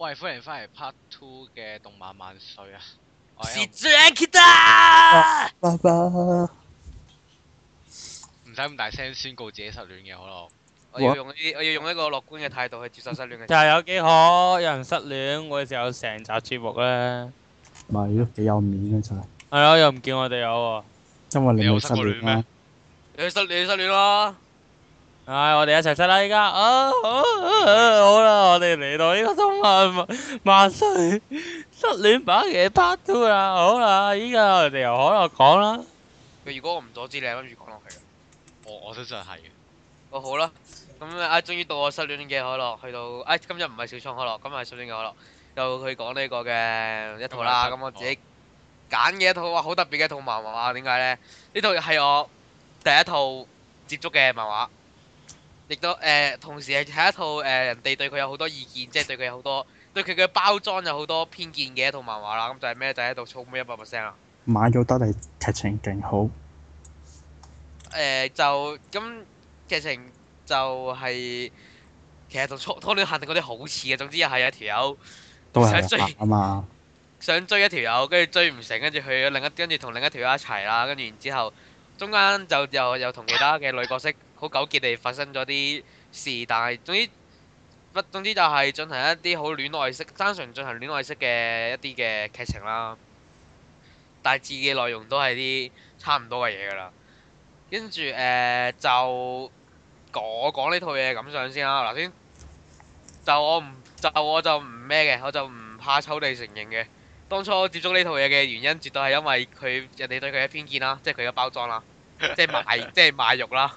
喂，歡迎翻嚟 Part Two 嘅《動漫萬歲》啊！Shrinker，爸爸，唔使咁大聲宣告自己失戀嘅好咯。我要用一我要用一個樂觀嘅態度去接受失戀嘅。就係有幾可有人失戀，我哋就有成集節目咧。咪咯，都幾有面嘅就係。係咯，又唔見我哋有喎。因為你有失戀咩？你失你失戀咯。唉、哎，我哋一齊出啦！依家，好、啊、啦，我哋嚟到呢個動漫萬歲失戀把戲 part two 啦！好啦，依家我哋由可樂講啦。如果我唔阻止你，諗住講落去，哦。我我相信係嘅。哦，好啦，咁啊，終、哎、於到我失戀嘅可樂去到，啊、哎，今日唔係小倉可樂，今日係失戀嘅可樂，就佢講呢個嘅一套啦。咁我自己揀嘅一套，好哇，好特別嘅一套漫畫，點解咧？呢套係我第一套接觸嘅漫畫。亦都誒、呃，同時係係一套誒、呃、人哋對佢有好多意見，即係對佢有好多對佢嘅包裝有好多偏見嘅一套漫畫啦。咁就係咩？就係喺度草莓一百 percent 啊！買咗得嚟，劇情勁好。誒、呃、就咁劇情就係、是、其實同《初初戀限定》嗰啲好似嘅，總之又係有條友想追，都想追啊嘛，想追一條友，跟住追唔成，跟住去另一跟住同另一條友一齊啦，跟住然之後中間就又又同其他嘅女角色。 好糾結地發生咗啲事，但係總之不總之就係進行一啲好戀愛式、單純進行戀愛式嘅一啲嘅劇情啦。大致嘅內容都係啲差唔多嘅嘢㗎啦。跟住誒就我講呢套嘢咁上先啦。嗱，先就我唔就我就唔咩嘅，我就唔怕醜地承認嘅。當初接觸呢套嘢嘅原因，絕對係因為佢人哋對佢嘅偏見啦，即係佢嘅包裝啦，即係賣即係 賣肉啦。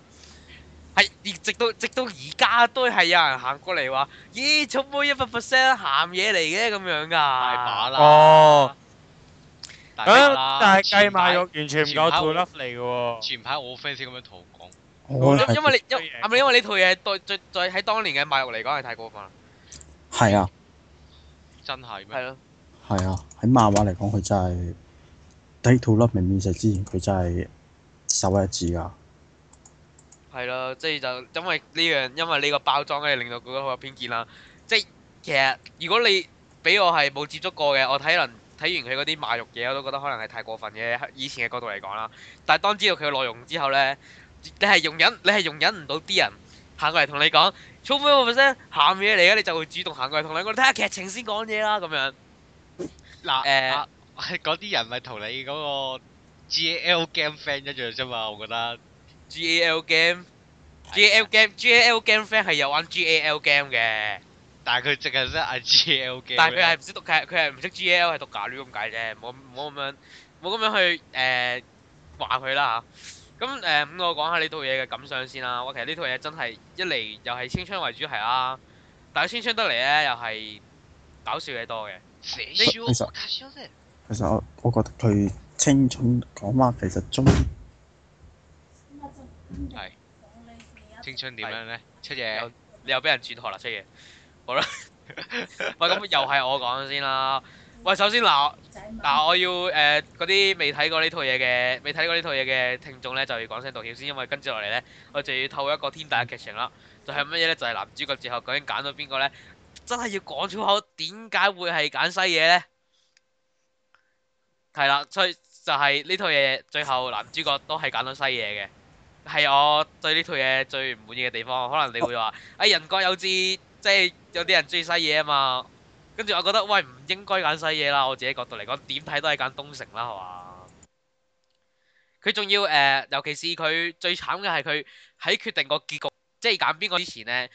係直到直到而家都係有人行過嚟話：咦，草莓一百 percent 鹹嘢嚟嘅咁樣噶、啊，大把啦。哦，啊！但係計賣肉完全唔夠套粒嚟嘅喎。前排我好 fans 咁樣同我講，因是因為你因係咪因為呢套嘢對最最喺當年嘅賣肉嚟講係太過分啦？係啊，真係咩？係咯，係啊！喺漫畫嚟講，佢真係低套粒明面食之前，佢真係收一字噶。係咯，即係就因為呢樣，因為呢個包裝咧，令到大家好有偏見啦。即係其實，如果你俾我係冇接觸過嘅，我睇能睇完佢嗰啲賣肉嘢，我都覺得可能係太過分嘅。以，以前嘅角度嚟講啦，但係當知道佢嘅內容之後咧，你係容忍，你係容忍唔到啲人行過嚟同你講，充分我 percent 鹹嘢嚟嘅，你就會主動行過嚟同你講，睇下劇情先講嘢啦咁樣。嗱誒，嗰啲人咪同你嗰個 G L game f r i e n d 一樣啫嘛，我覺得。G A L game，G A L game，G A L game friend 係有玩 G A L game 嘅，但係佢淨係識玩 G A L game。但係佢係唔識讀佢，佢係唔識 G A L，係讀假亂咁解啫，冇冇咁樣，冇咁樣去誒話佢啦吓。咁誒咁我講下呢套嘢嘅感想先啦。我其實呢套嘢真係一嚟又係青春為主題啦，但係青春得嚟咧又係搞笑嘢多嘅。其實我我覺得佢青春講話其實中。係對青春點樣呢？對出嘢野，你又俾人轉學啦！出嘢，好啦，喂， 咁又係我講先啦。喂，首先嗱嗱、啊，我要誒嗰啲未睇過呢套嘢嘅未睇過呢套嘢嘅聽眾呢，就要講聲道歉先，因為跟住落嚟呢，我就要透一個天大嘅劇情啦。就係乜嘢呢？就係、是、男主角最後究竟揀咗邊個呢？真係要講粗口，點解會係揀西嘢呢？係啦，所以就係呢套嘢最後男主角都係揀到西嘢嘅。係我對呢套嘢最唔滿意嘅地方，可能你會話，啊、哎、人各有志，即係有啲人中意西嘢啊嘛。跟住我覺得，喂，唔應該揀西嘢啦！我自己角度嚟講，點睇都係揀東城啦，係嘛？佢仲要誒、呃，尤其是佢最慘嘅係佢喺決定個結局，即係揀邊個之前呢，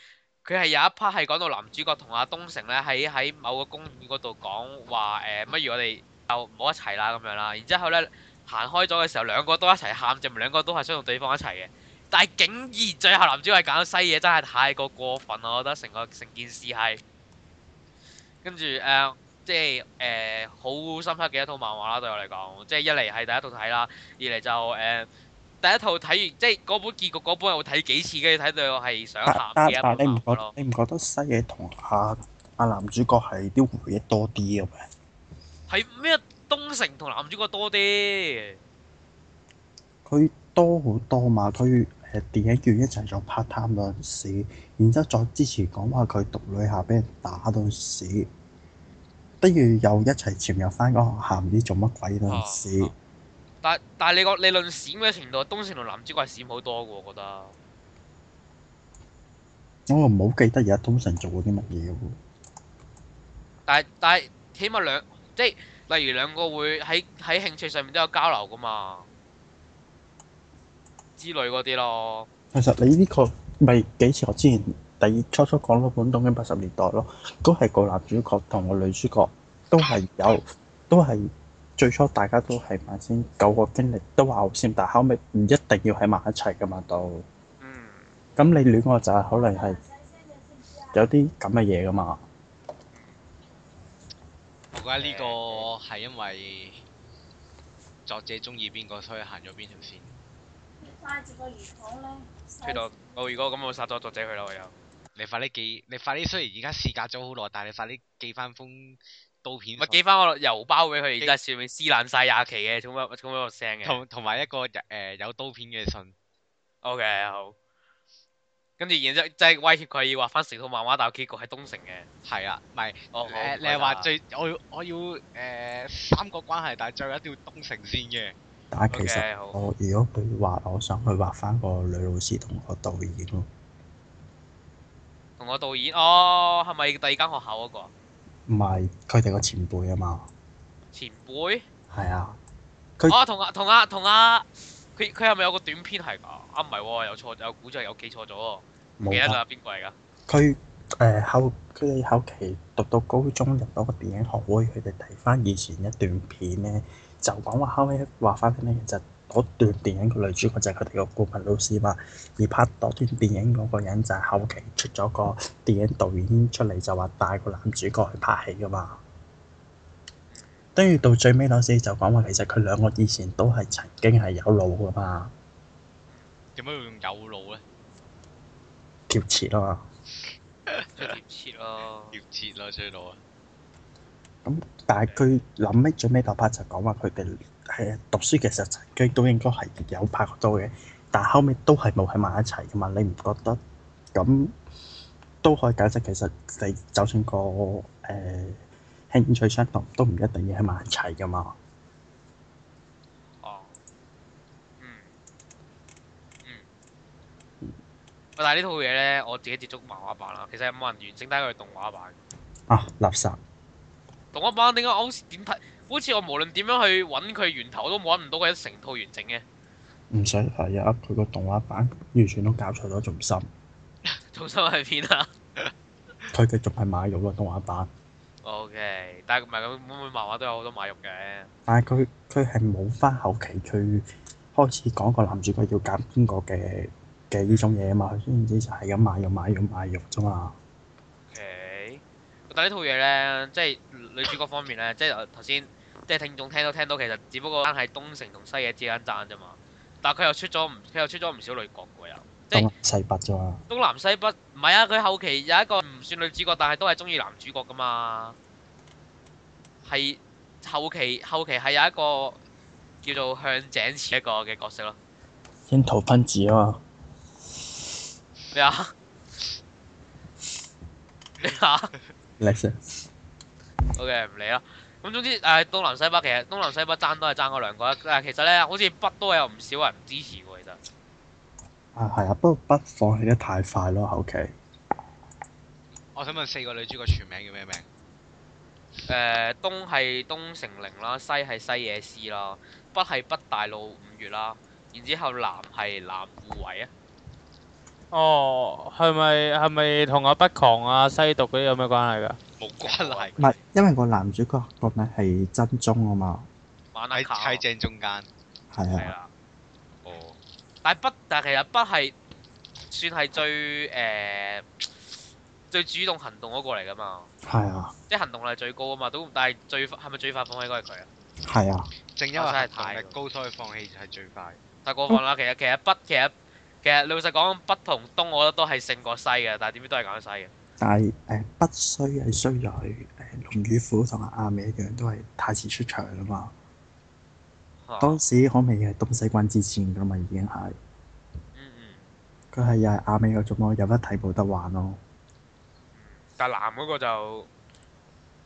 佢係有一 part 係講到男主角同阿東城咧，喺喺某個公園嗰度講話誒，乜、呃、如我哋就唔好一齊啦咁樣啦，然之後咧。行開咗嘅時候，兩個都一齊喊，證明兩個都係想同對方一齊嘅。但係竟然最後男主角係揀咗西野，真係太過過分啦！我覺得成個成件事係跟住誒、呃，即係誒好深刻嘅一套漫畫啦。對我嚟講，即係一嚟係第一套睇啦，二嚟就誒、呃、第一套睇完，即係嗰本結局嗰本，我睇幾次，跟住睇到我係想喊嘅。你唔覺你唔覺得西野同阿阿男主角係啲回憶多啲嘅咩？係咩？東城同男主角多啲，佢多好多嘛？佢誒，電影院一齊做 part time 嗰陣時，然之後再之前講話佢讀女校俾人打到屎，不如又一齊潛入翻個學校唔知做乜鬼嗰陣時、啊啊。但但係你個理論閃嘅程度，東城同男主角係閃好多㗎，我覺得。我唔好記得而家東城做過啲乜嘢喎。但係但係起碼兩即係。例如兩個會喺喺興趣上面都有交流噶嘛，之類嗰啲咯。其實你呢、呢個咪幾似我之前第二、初初講到本《東京八十年代》咯，都係個男主角同個女主角都係有，都係最初大家都係先九個經歷都話好先，但係後尾唔一定要喺埋一齊噶嘛，到。嗯。咁你戀愛就係可能係有啲咁嘅嘢噶嘛。我覺得呢個係因為作者中意邊個，所以行咗邊條線。揸住個魚塘咧。聽到，哦，如果咁，我殺咗作者佢啦，我又。你快啲寄，你快啲。雖然而家時隔咗好耐，但係你快啲寄翻封刀片。寄翻個郵包俾佢，而家寄算面撕爛晒廿期嘅，咁樣？咁樣？個聲嘅。同同埋一個日、呃、有刀片嘅信。O、okay, K，好。跟住，然之後即係威脅佢要畫翻成套漫畫，但係結局係東城嘅。係啊，唔係，誒，你係話最我我要誒三個關係，但係最後一條東城線嘅。但係其實我如果佢話，我想去畫翻個女老師同個導演咯。同個導演，哦，係咪第二間學校嗰個？唔係，佢哋個前輩啊嘛。前輩？係啊。佢。哦，同啊，同啊，同啊。佢佢係咪有個短片係㗎？啊唔係喎，有錯有估就係有記錯咗喎。冇記得？邊個嚟噶？佢誒後佢後期讀到高中入到個電影學會，佢哋睇翻以前一段片咧，就講話後尾話翻俾你，就嗰、是、段電影個女主角就係佢哋個顧問老師嘛，而拍多段電影嗰個人就係、是、後期出咗個電影導演出嚟，就話帶個男主角去拍戲噶嘛。跟住到最尾老師就講話，其實佢兩個以前都係曾經係有路噶嘛。點解會用有路咧？貼切啊嘛。貼切咯，貼切咯，衰到啊！咁但係佢諗起最尾嗰拍就講話佢哋係讀書其實曾經都應該係有拍過拖嘅，但後尾都係冇喺埋一齊噶嘛？你唔覺得？咁都可以解釋其實你就算個誒。呃興趣相同都唔一定要喺埋一齊㗎嘛。哦、啊，嗯，嗯，但係呢套嘢咧，我自己接觸漫畫版啦，其實有冇人完整睇佢動畫版？啊，垃圾！動畫版點解我點睇？好似我無論點樣去揾佢源頭，都揾唔到佢一整套完整嘅。唔使，係啊！佢個動畫版完全都搞錯咗重心。重心喺邊啊？佢 繼續係賣肉嘅動畫版。O K，但係唔係咁，每本漫畫都有好多賣肉嘅。但係佢佢係冇翻，後期佢開始講個男主角要揀邊個嘅嘅呢種嘢啊嘛，佢先至就係咁賣肉賣肉賣肉啫嘛。O K，但係呢套嘢咧，即係女主角方面咧，即係頭先，即係聽眾聽都聽到，其實只不過爭喺東城同西野之間爭啫嘛。但係佢又出咗唔，佢又出咗唔少女角嘅，又，即係東南西北啫嘛。東南西北，唔係啊，佢後期有一個。唔算女主角，但係都係中意男主角噶嘛。係後期後期係有一個叫做向井池一個嘅角色咯。櫻桃分子啊嘛。咩啊？咩啊？叻啊！OK 唔理啦。咁總之誒東南西北，其實東南西北爭都係爭咗兩個啦。誒其實咧好似北都有唔少人支持喎，其實。啊係啊，不過北放棄得太快咯，後期。我想問四個女主角全名叫咩名？誒，東係東城綾啦，西係西野司啦，北係北大路五月啦，然之後南係南戶唯啊。哦，係咪係咪同阿北狂啊、西毒嗰啲有咩關係啊？冇關係。唔係，因為個男主角個名係真中啊嘛。係，係正中間。係啊。哦。但北但其實北係算係最誒。最主動行動嗰個嚟㗎嘛？係啊，即係行動力最高啊嘛，都但係最係咪最快放棄嗰個係佢啊？係啊，正因為實力太高，所以放棄係最快。太、啊、過分啦，其實其實北其實其實老實講，北同東我覺得都係勝過西嘅，但係點樣都係揀西嘅。但係誒、呃，北衰係衰在誒、呃、龍與虎同阿阿美一樣，都係太遲出場啊嘛。啊當時可唔可，可以係東西軍之戰㗎嘛，已經係。嗯嗯。佢係、嗯、又係阿美嗰種咯，有得睇冇得玩咯。但男嗰個就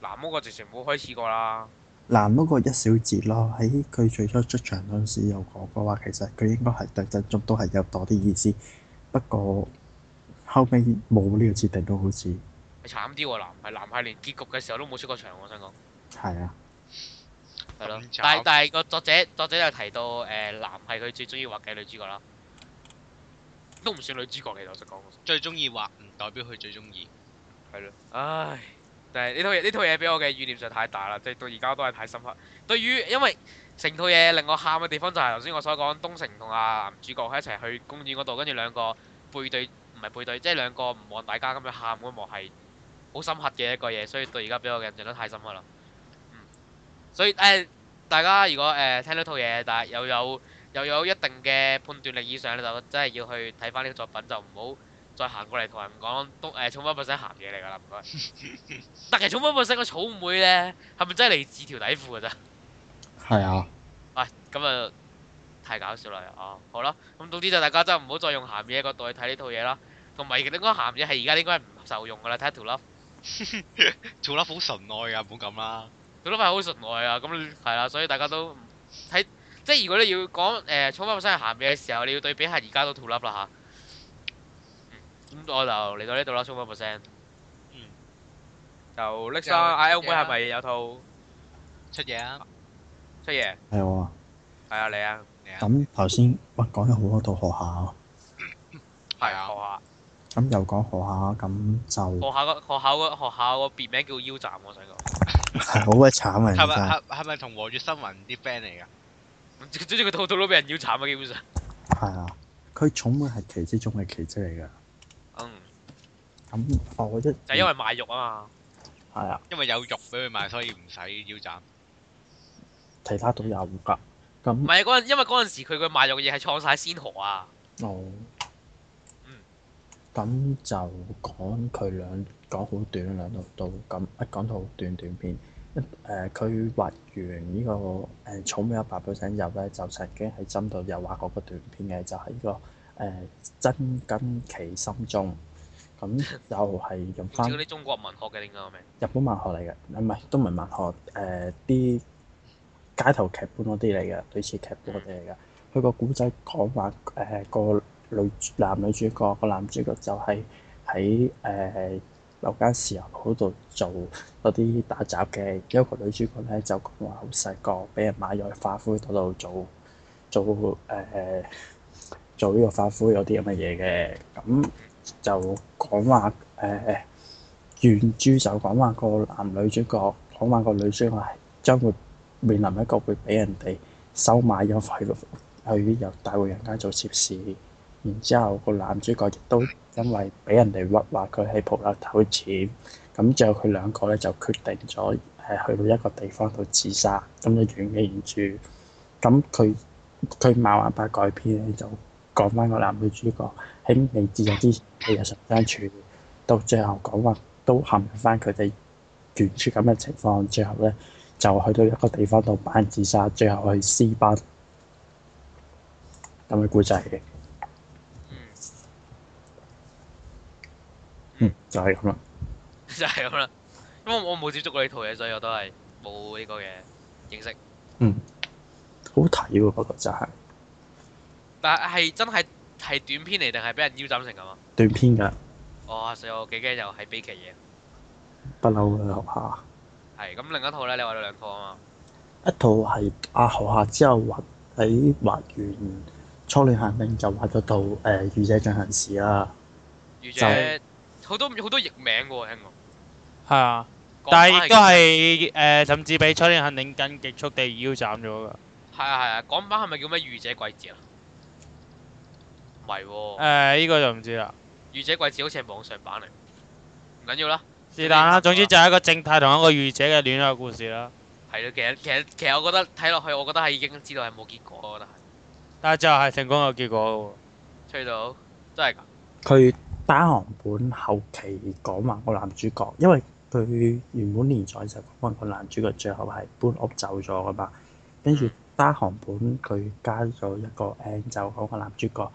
男嗰個直情冇開始過啦。男嗰個一小節咯，喺佢最初出場嗰陣時有講過話，其實佢應該係特集中都係有多啲意思，不過後尾冇呢個設定都好似。你慘啲喎，男係男係連結局嘅時候都冇出過場，我想講。係啊，係咯。但係但係個作者作者又提到，誒、呃、男係佢最中意畫嘅女主角啦，都唔算女主角其實，老實講。最中意畫唔代表佢最中意。係咯，唉，但係呢套嘢呢套嘢俾我嘅意念就太大啦，即係到而家都係太深刻。對於因為成套嘢令我喊嘅地方就係頭先我所講東城同阿男主角喺一齊去公園嗰度，跟住兩個背對唔係背對，即係兩個唔望大家咁樣喊嗰幕係好深刻嘅一個嘢，所以到而家俾我嘅印象都太深刻啦。嗯，所以誒，大家如果誒聽呢套嘢，但係又有又有一定嘅判斷力以上，你就真係要去睇翻呢個作品，就唔好。再行過嚟同人講，都誒《寵物本身》鹹嘢嚟㗎啦，唔該。 但係《寵物本身》個草莓咧，係咪真係嚟自條底褲㗎啫？係啊 、哎。喂，咁啊，太搞笑啦！哦、啊，好啦，咁總之就大家真係唔好再用鹹嘢角度去睇呢套嘢啦。同埋應該鹹嘢係而家應該係唔受用㗎啦，睇下條粒。條粒好純愛㗎，唔好咁啦。條粒係好純愛啊，咁係啦，所以大家都睇，即係如果你要講誒《寵物本身》係鹹嘢嘅時候，你要對比下而家都條粒啦嚇。啊。咁我就嚟到呢度啦，充翻 percent。嗯。就拎生，I O 會係咪有套出嘢啊？出嘢野。係我啊。係啊，你啊，你啊。咁頭先喂講咗好多套學校。係啊 學校。咁又講學校咁就。學校個學校學校個別名叫腰斬，我想講。好鬼慘啊！係咪係咪同黃月新聞啲 friend 嚟噶？追住個套套都俾人腰斬啊！基本上。係啊，佢寵物係奇蹟中嘅奇蹟嚟噶。嗯，咁我一就因為賣肉啊嘛，係啊，因為有肉俾佢賣，所以唔使腰斬。其他都有㗎，咁唔係啊嗰陣，因為嗰陣時佢嘅賣肉嘢係創晒先河啊。哦，嗯，咁就講佢兩講好短兩度到，咁一講套短短片，一誒佢畫完，這個呃，呢個誒草莓一百 percent 入咧，就曾經喺針度又畫過個短片嘅，就係、是、呢、這個。誒，真跟其心中，咁又係用翻。嗰啲中國文學嘅定係咩？日本文學嚟嘅，唔係都唔係文學，誒、呃、啲街頭劇本嗰啲嚟嘅，類、嗯、似劇本嗰啲嚟嘅。佢個古仔講話，誒、呃那個女男女主角，那個男主角就係喺誒某間豉油鋪度做嗰啲打雜嘅，有、那個女主角咧就講話好細個，俾人買咗去花灰度度做做誒。做呃做呢個花魁有啲咁嘅嘢嘅，咁就講話誒，原、呃、著就講話個男女主角講話個女主角係將會面臨一個會俾人哋收買咗，費，去入大戶人家做妾侍。然之後個男主角亦都因為俾人哋屈話佢喺鋪頭偷錢，咁之後佢兩個咧就決定咗係去到一個地方度自殺。咁就原著。咁佢佢漫畫版改編咧就。講翻個男女主角喺未自殺之前，嘅日常相處到最後講話都陷入翻佢哋斷絕咁嘅情況，最後咧就去到一個地方度扮自殺，最後去私奔咁嘅故仔嘅。嗯。嗯，就係咁啦。就係咁啦，因為我冇接觸過呢套嘢，所以我都係冇呢個嘅認識。嗯。好睇喎，嗰個就係。但係真係係短篇嚟定係俾人腰斬成咁啊？短篇㗎。哇！所以我幾驚又係悲劇嘢。不嬲嘅河下。係咁，另一套咧，你話咗兩套啊嘛。一套係阿河下之後畫喺畫完《初戀限定》就畫咗套誒《御姐進行時》啦。御姐好多好多譯名喎，聽過。係啊。但係都係誒，甚至比《初戀限定》更極速地腰斬咗㗎。係啊係啊！港版係咪叫咩《御姐季節》啊？唔係喎，呢依，哦欸呢個就唔知啦。御姐季子好似係網上版嚟，唔緊要啦。是但啦，總之就係一個正太同一個御姐嘅戀愛故事啦。係咯，其實其實其實我覺得睇落去，我覺得係已經知道係冇結果，我覺得係。但係就係成功有結果喎，嗯。吹到真係㗎。佢單行本後期講話個男主角，因為佢原本連載就講話個男主角最後係搬屋走咗㗎嘛，跟住單行本佢加咗一個誒就嗰個男主角，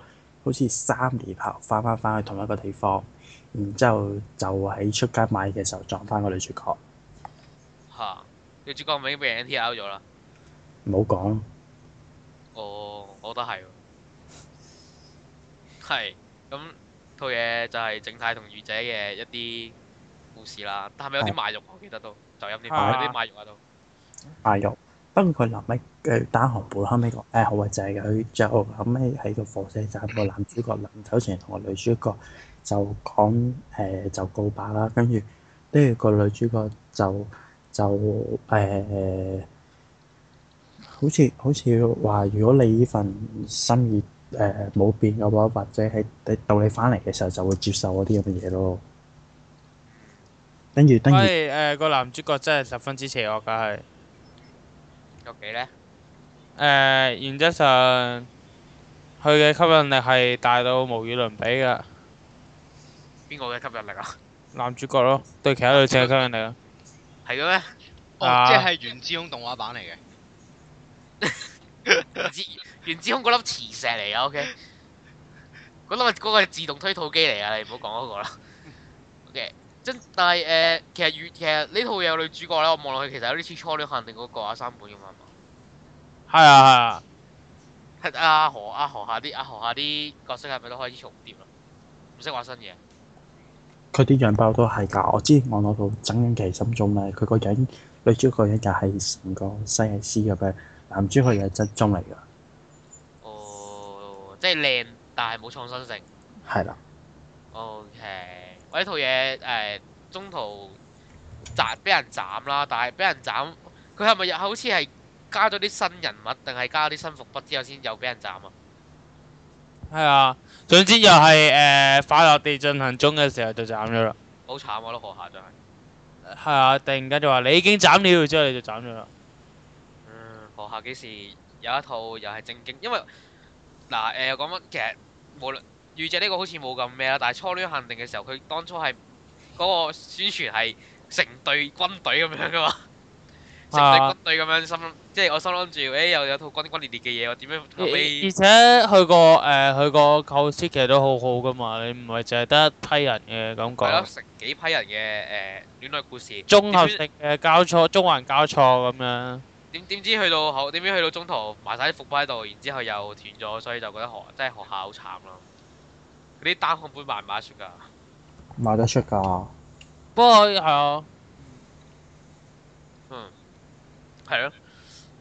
好似三年後翻翻翻去同一個地方，然之後就喺出街買嘅時候撞翻個女主角。嚇！女主角唔已經俾人 NTR 咗啦。唔好講。哦，我都係。係， 咁套嘢就係正太同御姐嘅一啲故事啦。但係咪有啲賣肉？啊、我記得都就有啲講、啊、有啲賣肉喺度。賣肉。跟住佢臨尾誒單行本，後尾講誒好偉大嘅，佢、哎、就後尾喺個火車站，個男主角臨走前同個女主角就講誒就告白啦，跟住跟住個女主角就就誒好似好似話，如果你呢份心意誒冇、呃、變嘅話，或者係到你翻嚟嘅時候就會接受我啲咁嘅嘢咯。跟住，跟住誒個男主角真係十分之邪惡嘅係。個幾咧？誒，原則上，佢嘅吸引力係大到無與倫比噶。邊個嘅吸引力啊？男主角咯，對其他女性嘅吸引力啊？係嘅咩？哦，即係原子空動畫版嚟嘅。原子空嗰粒磁石嚟噶，OK。嗰粒嗰個係自動推土機嚟噶，你唔好講嗰個啦。OK。但係誒、呃，其實其實呢套嘢女主角咧，我望落去其實有啲似《初戀限定》嗰個阿三本咁樣嘛。係啊係啊。阿何阿何下啲阿何下啲角色係咪都開始重疊啦？唔識話新嘢。佢啲樣包都係㗎，我知我攞到其《曾蔭權心中》咧，佢個樣女主角個樣又係成個西施咁嘅，男主角又係側中嚟㗎。哦，即係靚，但係冇創新性。係啦的。O、okay、K。喂，套嘢誒、呃、中途斬俾人斬啦，但係俾人斬佢係咪又好似係加咗啲新人物，定係加啲新伏筆之後先又俾人斬啊？係啊，總之又係誒、呃、快樂地進行中嘅時候就斬咗啦。好、嗯、慘啊，都學校真係。係啊，突然間就話你已經斬了，之後你就斬咗啦。嗯，學校幾時有一套又係正經，因為嗱誒講乜其實無預借呢個好似冇咁咩啦，但係初戀限定嘅時候，佢當初係嗰、那個宣傳係成隊軍隊咁樣噶嘛， 成隊軍隊咁樣心，即係我心諗住，誒、欸、又有，有套轟轟烈烈嘅嘢，我點樣俾？而且去過誒、呃、去過構思其實都好好噶嘛，你唔係淨係得一批人嘅感覺。咯，成幾批人嘅誒、呃、戀愛故事。綜合性嘅交錯，麽中環交錯咁樣。點點、嗯、知去到後點知去到中途埋晒啲伏筆喺度，然之後又斷咗，所以就覺得學真係學校好慘咯。啲單行本賣唔賣得出噶？賣得出噶。不過係啊，嗯，係咯，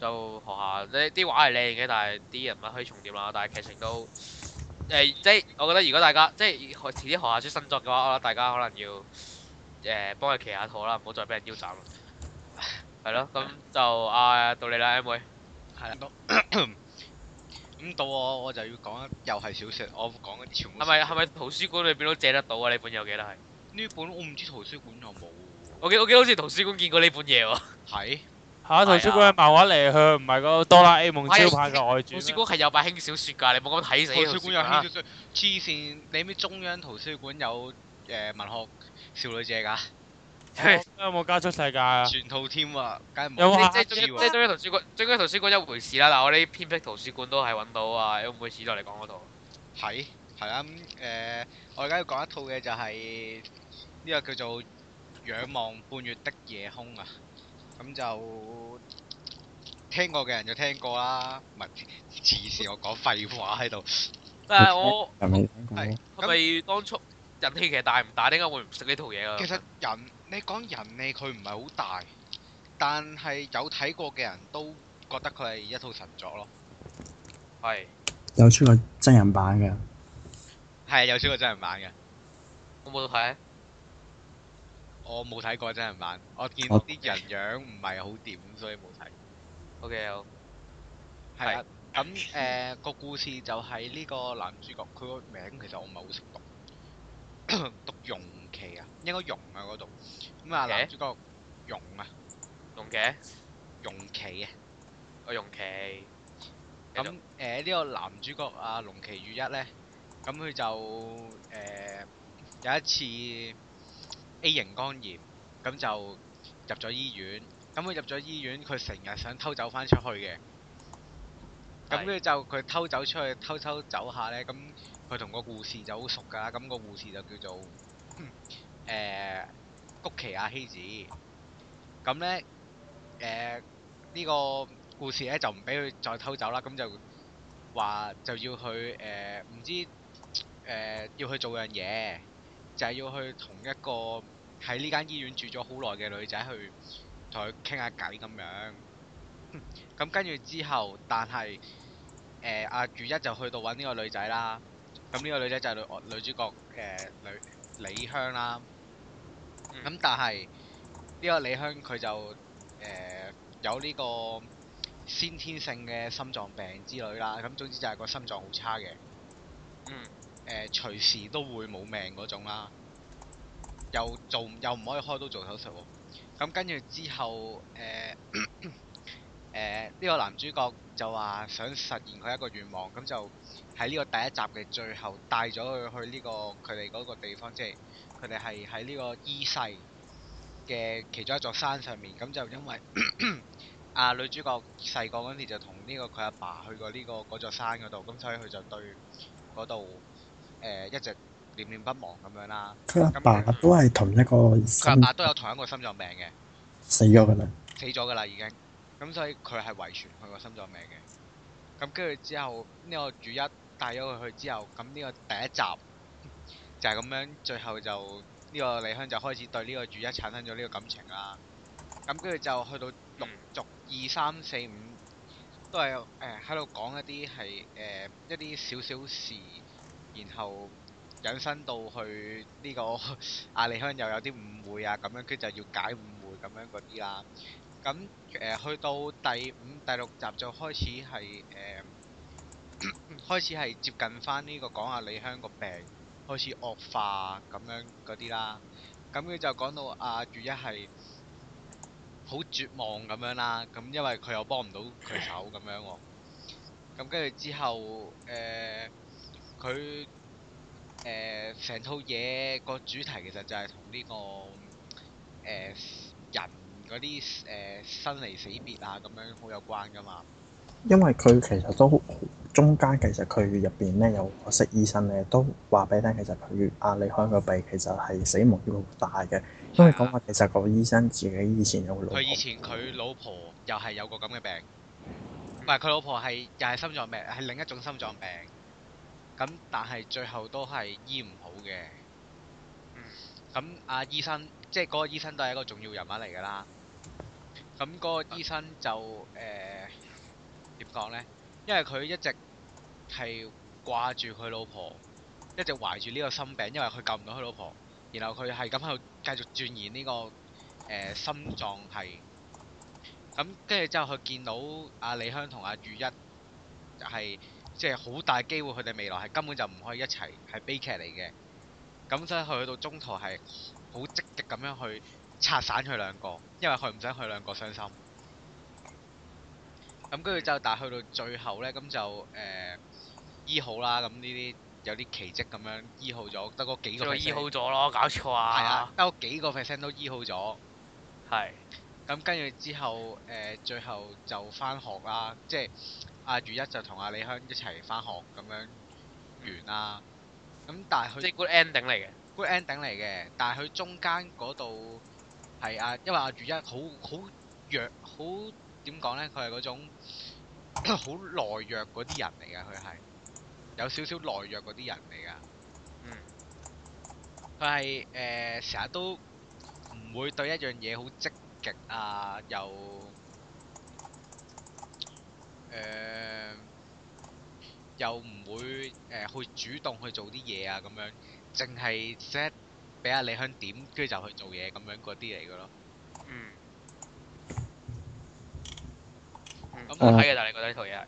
就學下呢啲畫係靚嘅，但係啲人物可以重疊啦。但係劇情都誒、呃，即係我覺得如果大家即係遲啲學下出新作嘅話，我覺得大家可能要誒、呃、幫佢祈下禱啦，唔好再俾人腰斬啦。係咯，咁就啊、呃、到你啦，M 妹。 唔到我，我就要講，又係小説。我講嗰啲全部。係咪係咪圖書館裏邊都借得到啊？呢本有幾多？呢本我唔知圖書館有冇。我記我記好似圖書館見過呢本嘢喎。係。嚇！圖書館漫畫嚟，佢唔係個哆啦 A 夢超派嘅外傳。圖書館係有擺輕小說㗎，你冇咁睇死㗎。圖書館有輕小說。黐線，你咩中央圖書館有誒文學少女借㗎？有冇加速世界啊？全套添啊，梗係冇即係，即係中央圖書館，中央圖書館一回事啦。嗱，我啲偏僻圖書館都係搵到啊。有冇史料嚟講嗰套？係係啊。咁誒、嗯呃，我而家要講一套嘅就係呢個叫做《仰望半月的夜空》啊。咁就聽過嘅人就聽過啦，唔係？似是我講廢話喺度。唔係我係咪當初人氣其實大唔大？點解會唔識呢套嘢啊？其實人。你講人氣佢唔係好大，但係有睇過嘅人都覺得佢係一套神作咯。係。有出過真人版嘅。係有出過真人版嘅。我冇睇。我冇睇過真人版，我見到啲人樣唔係好掂，所以冇睇。OK，好。係啊，咁誒個故事就係呢個男主角，佢個名其實我唔係好識讀，獨雄。棋啊，應該龍啊嗰度。咁啊，男主角龍啊，龍棋，龍棋啊，個龍棋。咁誒呢個男主角啊龍棋如一咧，咁佢就誒、呃、有一次 A 型肝炎，咁就入咗醫院。咁佢入咗醫院，佢成日想偷走返出去嘅。咁佢對就佢偷走出去，偷偷走下咧。咁佢同個護士就好熟噶啦。咁、個護士就叫做。誒，谷崎亞希子咁咧，誒呢、呃這個故事咧就唔俾佢再偷走啦。咁就話就要去誒，唔、呃、知誒、呃、要去做樣嘢，就係、是、要去同一個喺呢間醫院住咗好耐嘅女仔去同佢傾下偈咁樣。咁、嗯、跟住之後，但係誒阿如一就去到搵呢個女仔啦。咁呢個女仔就係女女主角誒、呃、女。李香啦，咁但係呢、嗯、個李香佢就誒、呃、有呢個先天性嘅心臟病之類啦，咁總之就係個心臟好差嘅，誒、嗯呃、隨時都會冇命嗰種啦，又做又唔可以開刀做手術，咁跟住之後誒誒呢個男主角就話想實現佢一個願望，咁就。喺呢個第一集嘅最後，帶咗佢去呢個佢哋嗰個地方，即係佢哋係喺呢個伊勢嘅其中一座山上面。咁就因為啊、呃、女主角細個嗰時就同呢個佢阿爸去過呢、呢個嗰座山嗰度，咁所以佢就對嗰度誒一直念念不忘咁樣啦。佢阿爸都係同一個，佢阿爸，爸都有同一個心臟病嘅，死咗噶啦，死咗噶啦已經。咁所以佢係遺傳佢個心臟病嘅。咁跟住之後呢、呢個主一。帶咗佢去之後，咁呢個第一集就係咁樣，最後就呢、呢個李香就開始對呢個主一產生咗呢個感情啦。咁跟住就去到陸續二三四五，都係誒喺度講一啲係誒一啲少少事，然後引申到去呢、呢個阿、啊、李香又有啲誤會啊，咁樣跟住就要解誤會咁樣嗰啲啦。咁誒、呃、去到第五第六集就開始係誒。呃開始係接近翻、這、呢個講下李香個病開始惡化咁樣嗰啲啦。咁佢就講到阿、啊、月一係好絕望咁樣啦。咁因為佢又幫唔到佢手咁樣。咁跟住之後，誒、呃，佢誒成套嘢，個主題其實就係同呢個誒、呃、人嗰啲誒生離死別啊，咁樣好有關㗎嘛。因為佢其實都。中間其實佢入邊咧有個識醫生咧，都話俾你聽，其實佢阿你開個鼻，其實係死亡率好大嘅。啊、因為講話其實個醫生自己以前有老佢以前佢老婆又係有個咁嘅病，唔係佢老婆係又係心臟病，係另一種心臟病。咁但係最後都係醫唔好嘅。咁阿、嗯啊、醫生，即係嗰個醫生都係一個重要人物嚟㗎啦。咁嗰個醫生就誒點講咧？呃因為佢一直係掛住佢老婆，一直懷住呢個心病，因為佢救唔到佢老婆。然後佢係咁喺度繼續鑽研呢個誒、呃、心臟係，咁跟住之後佢見到阿、啊、李香同阿如一係，即係好大機會佢哋未來係根本就唔可以一齊，係悲劇嚟嘅。咁所以佢去到中途係好積極咁樣去拆散佢兩個，因為佢唔想佢兩個傷心。咁跟住就，嗯嗯、但係去到最後咧，咁就誒醫好啦。咁呢啲有啲奇蹟咁樣醫好咗，得嗰幾個 percent。醫好咗咯，搞錯啊！係啊，得嗰幾個 percent 都醫好咗。係是。咁跟住之後，誒、呃、最後就返學啦。即係阿如一就同阿、啊、李香一齊返學咁樣完啦。咁但係佢即係 good ending 嚟嘅。good ending 嚟嘅，但係佢中間嗰度係啊，因為阿、啊、如一好好弱好。點講呢？佢係嗰種好懦 弱嗰啲人嚟噶，佢係有少少懦弱嗰啲人嚟噶。嗯，佢係成日都唔會對一樣嘢好積極啊，又、呃、又唔會去、呃、主動去做啲嘢啊咁樣，淨係 set 俾下理想點，跟住就去做嘢咁樣嗰啲嚟噶咯。咁我睇嘅，但你覺得呢套嘢，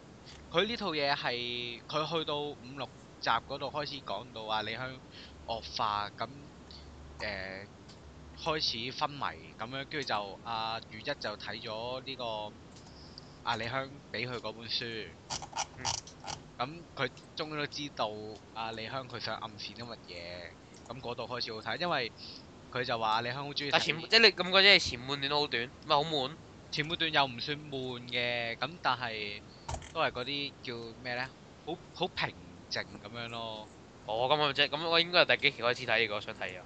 佢呢套嘢係佢去到五六集嗰度開始講到阿、啊、李香惡化，咁誒、欸、開始昏迷咁樣，跟住就阿雨、啊、一就睇咗呢個阿、啊、李香俾佢嗰本書，咁、嗯、佢終於都知道阿、啊、李香佢想暗示啲乜嘢，咁嗰度開始好睇，因為佢就話、啊、李香好中意。即係你感覺，即係前半段都好短，咪好悶。前半段又唔算悶嘅，咁但係都係嗰啲叫咩咧？好好平靜咁樣咯。哦，咁我即係咁，我應該係第幾期開始睇嘅？我想睇啊。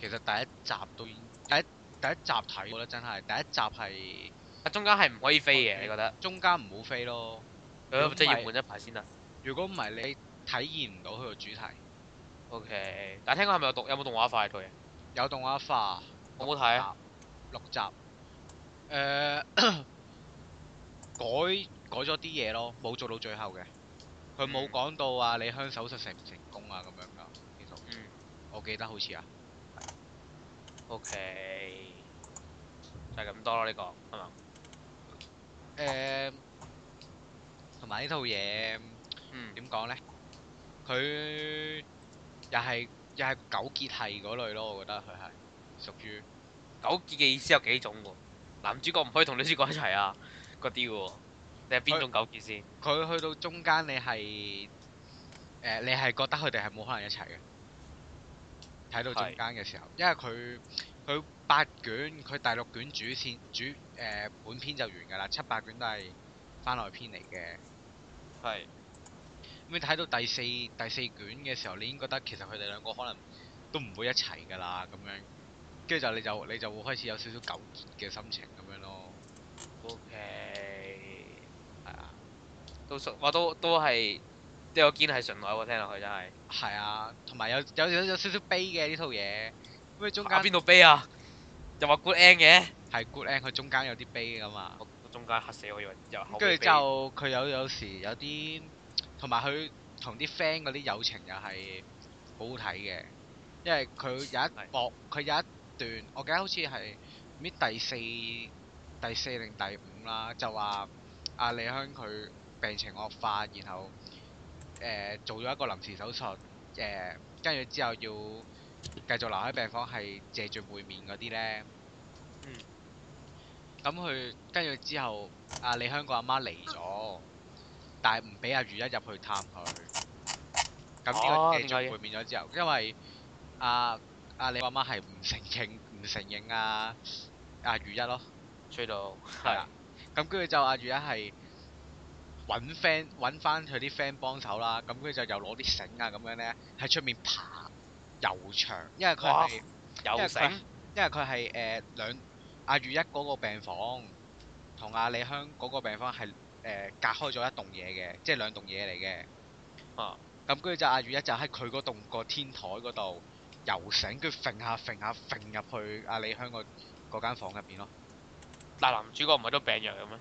其實第一集都已經，第一第一集睇到咧，真係第一集係，但、啊、中間係唔可以飛嘅，嗯、你覺得？中間唔好飛咯。誒，真係要換一排先啦。如果唔係，你體驗唔到佢個主題。OK，但係聽講係咪有動有冇動畫化佢、啊？有動畫化。好好睇六集。六集誒、uh, 改改咗啲嘢咯，冇做到最後嘅，佢冇講到話、啊嗯、你香手術成唔成功啊咁樣噶，呢套嗯，我記得好似啊，OK，就係咁多咯呢、這個係咪？誒嗎，同埋呢套嘢，嗯，點講咧？佢又係又係糾結係嗰類咯，我覺得佢係屬於糾結嘅意思有幾種喎。男主角唔可以同女主角一齊啊，嗰啲喎。你係邊種糾結先？佢去到中間、呃，你係，誒，你係覺得佢哋係冇可能一齊嘅。睇到中間嘅時候，是因為佢佢八卷，佢第六卷主線主誒、呃、本篇就完噶啦，七八卷都係番外篇嚟嘅。係是。咁你睇到第四第四卷嘅時候，你已經覺得其實佢哋兩個可能都唔會一齊噶啦，咁樣。跟住就你就你就會開始有少少糾結嘅心情咁樣咯。OK，係啊，都，都，都，都我順都都係，即係個堅係順來喎。聽落去真係係啊，同埋有有有有少少悲嘅呢套嘢。咁佢中間邊度悲啊？又話 good end 嘅，係 good end。佢中間有啲悲噶嘛。我中間嚇死我，我以為又跟住就佢有有時有啲，同埋佢同啲 friend 嗰啲友情又係好好睇嘅，因為佢有一搏，佢有一。我記得好似係咪第四、第四定第五啦，就話阿、啊、李香佢病情惡化，然後誒、呃、做咗一個臨時手術，誒跟住之後要繼續留喺病房，係謝絕會面嗰啲咧。咁佢跟住之後，阿、啊、李香個阿媽嚟咗，但係唔俾阿如一入去探佢。咁哦，謝絕會面咗之後，啊、為因為阿。啊阿、啊、李阿媽係唔承認，唔承認啊！阿、啊、如一咯，追到係咁，跟住、嗯啊、就阿、啊、如一係揾 friend 揾翻佢啲 friend 幫手啦。咁跟住就又攞啲繩啊，咁樣咧喺出面爬、呃、遊牆，因為佢係有繩，因為佢係誒兩阿如、啊、一嗰個病房同阿、啊、李香嗰個病房係誒、呃、隔開咗一棟嘢嘅，即係兩棟嘢嚟嘅。咁跟住就阿、啊、如一就喺佢嗰棟個天台嗰度。游醒，佢揈下揈下揈入去阿、啊、李香個嗰間房入邊咯。但男主角唔係都病弱咁咩？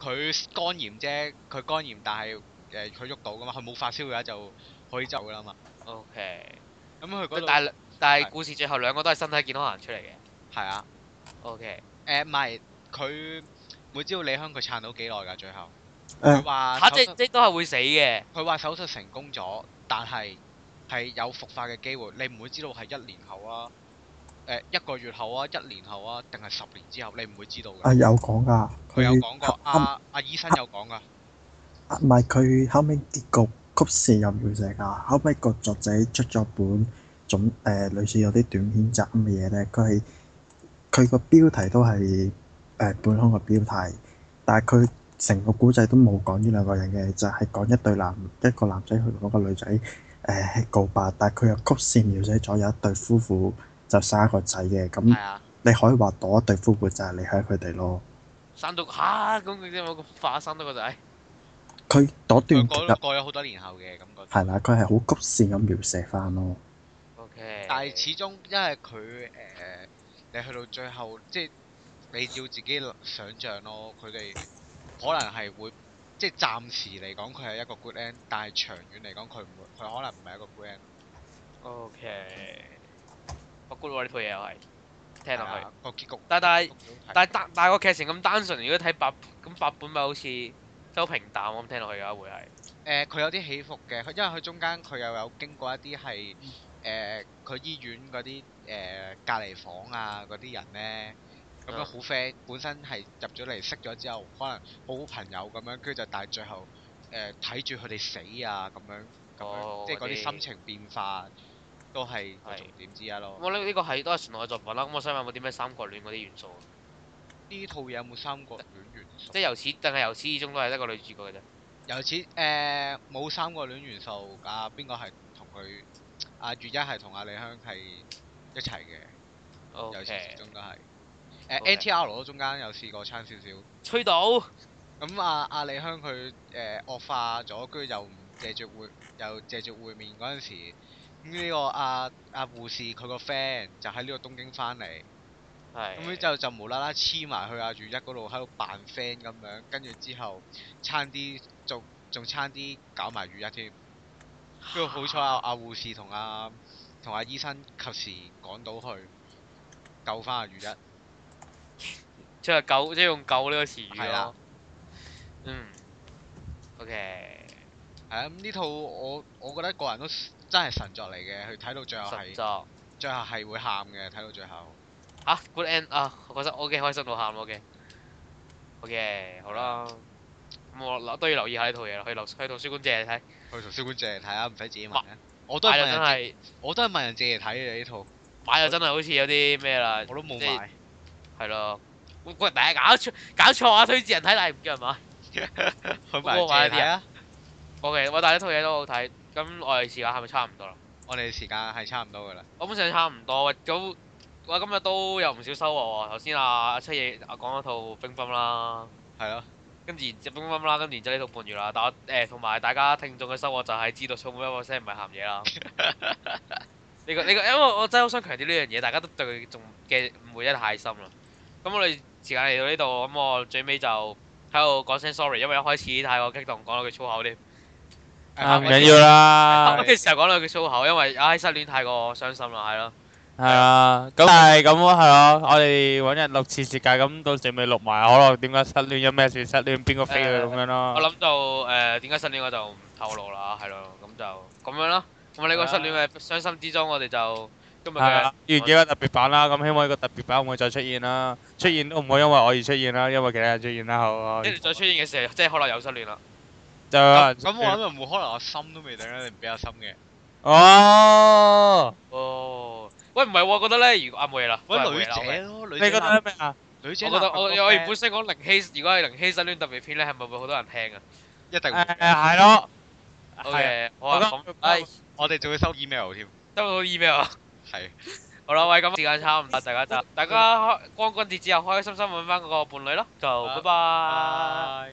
佢肝炎啫，佢肝炎，但係誒佢喐到噶嘛，佢冇發燒嘅話就可以走噶啦嘛。OK、嗯。咁佢但係但係故事最後兩個都係身體健康人出嚟嘅。係啊。OK、uh，。誒，唔係佢每朝李香佢撐到幾耐噶？最後佢話、哎啊、即即都係會死嘅。佢話手術成功咗，但係。係有復發嘅機會，你唔會知道係一年後啊，誒一個月後啊，一年後啊，定係十年之後，你唔會知道嘅。啊，有講噶，佢有講過。阿阿醫生有講噶。唔係佢後尾結局曲線有描寫噶。後尾個作者出咗本總誒類似有啲短片集咁嘅嘢咧，佢係佢個標題都係誒半空嘅標題，但係佢成個古仔都冇講呢兩個人嘅，就係講一對男一個男仔同嗰個女仔。誒係告白，但係佢又曲線描寫咗有一對夫婦就生一個仔嘅，咁你可以話躲一對夫婦就係離開佢哋咯。生到嚇，咁你知我化生到個仔，佢躲斷入過咗好多年後嘅感覺。係啦，佢係好曲線咁描寫翻咯。OK，但係始終因為佢呃，你去到最後即係你要自己想象咯，佢哋可能係會。即係暫時嚟講，佢係一個 good end，但係長遠嚟講，佢唔會佢可能唔係一個 good end。OK，個 good one 呢套嘢又係聽落去，啊、個結局但係但係個但係個劇情咁單純，如果睇八咁八本咪好似都平淡，我諗聽落去應該會係。佢、呃、有啲起伏嘅，因為佢中間佢又有經過一啲係誒，佢、呃、醫院嗰啲誒隔離房啊，嗰啲人咧。咁樣好 friend，本身係入咗嚟識咗之後，可能好好朋友咁樣，跟住就但係最後誒睇住佢哋死啊咁樣，哦、即係嗰啲心情變化都係重點之一咯，我諗呢個係都係純愛作品啦。咁我想問，有冇啲咩三角戀嗰啲元素？呢套嘢有冇三角戀元素？ 即係由始，定係由始至終都係一個女主角嘅啫。由始誒冇、呃、三角戀元素，啊啊、阿邊個係同佢？阿月欣係同阿李香係一齊嘅，由始至終都係。NTR 咯，中間有試過差少少。吹到倒。咁阿阿李香佢誒、啊、惡化咗，跟住又，又借住會又藉著會面嗰陣時，呢個阿阿護士佢個 friend 就喺呢個東京翻嚟。係、哎。咁就就無啦啦黐埋去阿雨一嗰度喺度扮 friend 咁樣，跟住之後差啲仲仲差啲搞埋雨一添。跟住好彩阿阿護士同阿同阿醫生及時趕到去救翻阿雨一。即係狗，即係用狗呢個詞語咯。嗯，OK，係啊。咁呢套我，我覺得個人都真係神作嚟嘅。去睇到最後作，最後係會喊嘅。睇到最後，啊 Good End 啊！我覺得我幾開心到喊。OK，OK，好啦。咁我都要留意下呢套嘢，啦。去留去圖書館借嚟睇。去圖書館借嚟睇啊！唔使自己買。我都係真係，我都係問人借嚟睇嘅，呢套。買就真係好似有啲咩啦。我都冇買，係咯。喂大家人是是我第、 okay, 一搞錯搞錯啊！推薦人睇，但係唔叫人買。好嘢正啊！O.K. 我第一套嘢都好睇，咁我哋時間係咪差唔多啦？我哋時間係差唔多噶啦。我本上差唔多，我今我今日都有唔少收穫喎。頭先啊，阿七嘢講一套冰心啦，係咯，跟住即係冰啦，今年就呢套半月啦。但我誒，同、欸、埋大家聽眾嘅收穫就係知道《草木皆我生》唔係鹹嘢啦。你、 這個你、這個，因為我真係好想強調呢樣嘢，大家都對佢仲嘅誤解太深啦。咁我哋。時間嚟到呢度，咁我最尾就喺度講聲 sorry，因為一開始太過激動，講咗句粗口添。啊，唔緊要啦。其實講咗句粗口，因為唉失戀太過傷心啦，係咯。係啊，咁但係咁咯，係咯。我哋揾日錄次事件，咁到最尾錄埋，可能點解失戀，有咩事失戀，邊個飛啊咁樣咯。我諗到誒，點解失戀我就唔透露啦，係咯，咁就咁樣咯。咁啊，呢個失戀嘅傷心之中，我哋就。係啦，完幾個特別版啦，咁希望呢個特別版唔會再出現啦，出現都唔會因為我而出現啦，因為其他人出現啦，好。跟住再出現嘅時候，即係可能有失戀啦。就咁，我諗唔可能，我心都未定咧，定比較深嘅。哦。哦。喂，唔係喎，我覺得咧，如果阿妹啦，女仔咯，你覺得咩啊？女仔。我覺得我我原本想講零希，如果係零希失戀特別篇咧，係咪會好多人聽啊？一定會。係咯。係。好。係。我哋仲要收 email 添。收到 email。係， 好啦，喂，咁時間差唔多，大家就大家光棍節之後開開心心揾翻嗰個伴侶咯，就拜拜。啊